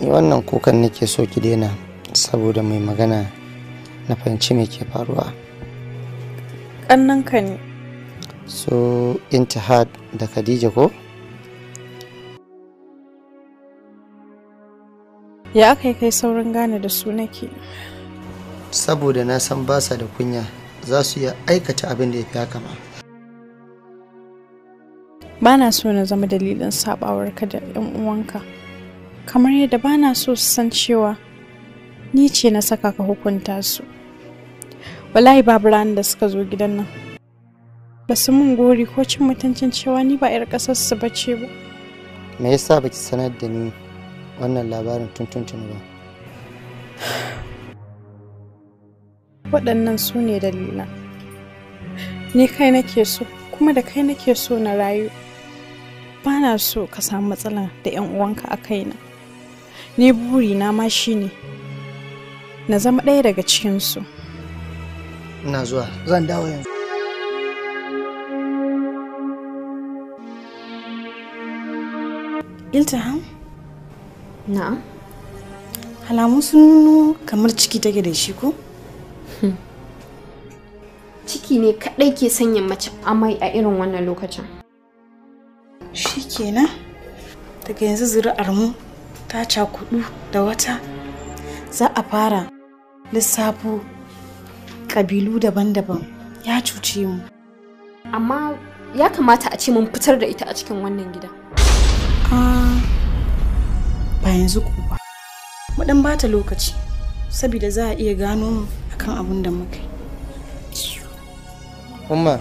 wannan kukan nake so ki daina saboda mai magana na fahimci me ke faruwa ƙannanka ne so intihad da khadija ko ya aka yi kai saurin gane da su nake saboda na san basa da kunya za su iya aikata abin da ya fi haka ma ba na so na zama dalilin saɓawarka da 'yan uwanka kamar yadda ba na so su san cewa ni ce na saka ka hukunta su wallahi babu ranar da suka zo gidan nan ba su mun gori ko cin mutuncin cewa ni ba 'yar ƙasarsu ba ce ba me yasa ki sanar da ni wannan labarin tuntuntun ba waɗannan su ne dalilan ni kai nake so kuma da kai nake so na rayu ba na so ka samu matsala da 'yan uwanka a kaina. ni burina ma shi ne na zama ɗaya daga cikinsu na zuwa zan dawo yanzu iltiham na'am alamun sun nuno kamar ciki take da shi ko hmm. ciki ne kaɗai ke sanya mace amai a irin wannan lokacin shi kenan daga yanzu zuri'ar mu ta cakudu da wata za a fara lissafo kabilu daban-daban ya cuce mu amma ya kamata a ce mun fitar da ita a cikin wannan gida ah, ba yanzu ko ba mu dan bata lokaci saboda za a iya gano mu akan abin da muka umma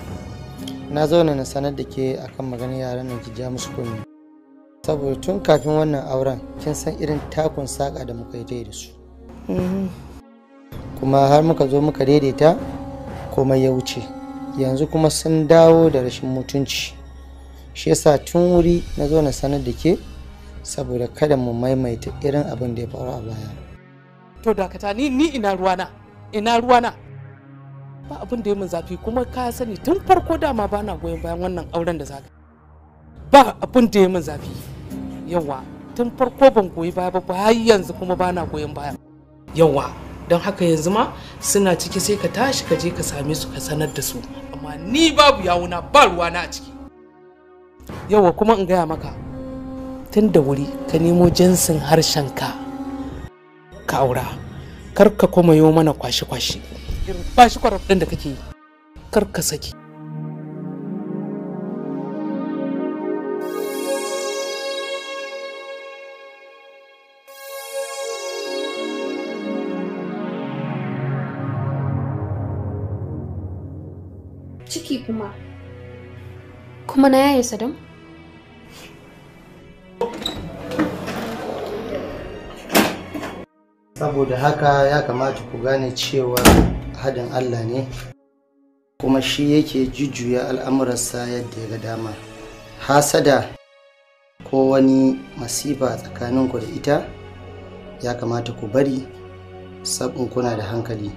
na zauna na sanar da ke akan maganar yaran da ki ja kunni saboda tun kafin wannan auren kin san irin takun saƙa da muka yi da su mm-hmm. kuma har muka zo muka daidaita komai ya wuce yanzu kuma sun dawo da rashin mutunci shi yasa tun wuri na zo na sanar da ke saboda kada mu maimaita irin abin da ya faru a baya to dakata ni ni ina ruwana ina ruwana ba abin da ya min zafi kuma ka sani tun farko dama bana goyon bayan wannan auren da zaka ba abin da ya min zafi yawa tun farko ban koyi baya ba har yanzu kuma ba na koyon baya yawa don haka yanzu ma suna ciki sai ka tashi ka je ka same su ka sanar da su amma ni babu yawuna ba ruwana a ciki yawa kuma in gaya maka tun da wuri ka nemo jinsin harshen ka ka aura kar ka koma yo mana kwashi-kwashi irin kwashi-kwarar da kake yi kar ka saki ciki kuma kuma na yaye sadam saboda haka ya kamata ku gane cewa hadin allah ne kuma shi yake jujjuya al'amuransa yadda ya ga dama hasada ko wani masifa tsakaninku da ita ya kamata ku bari sabon kuna da hankali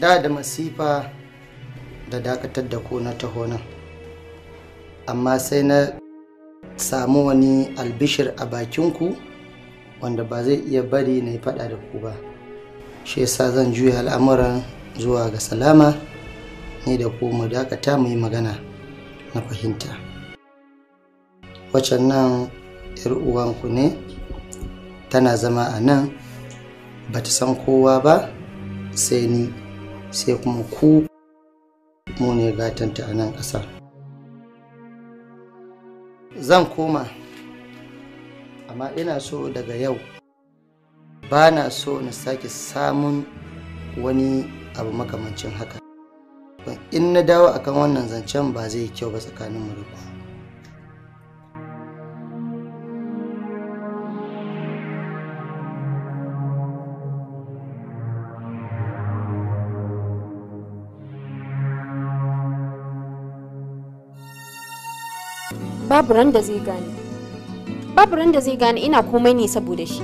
da da masifa da dakatar da ku na taho nan amma sai na samu wani albishir a bakinku wanda ba zai iya bari na yi fada da ku ba shi yasa zan juya al'amuran zuwa ga salama ni da ku mu dakata mu yi magana na fahimta wacce nan 'yar uwanku ne tana zama a nan ba ta san kowa ba sai ni sai kuma ku mu ne gatanta a nan ƙasa zan koma amma ina so daga yau ba na so na sake samun wani abu makamancin haka in na dawo akan wannan zancen ba zai kyau ba tsakanin mu da ku babu ran da zai gane babu ran da zai gani ina komai ne saboda shi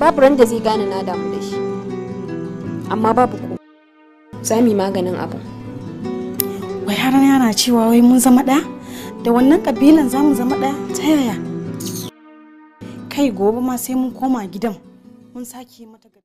babu ran da zai gane na damu da shi amma babu ko za maganin abu. wai har yana cewa wai mun zama ɗaya da wannan kabilan zamu zama ɗaya ta yaya kai gobe ma sai mun koma gidan mun sake mata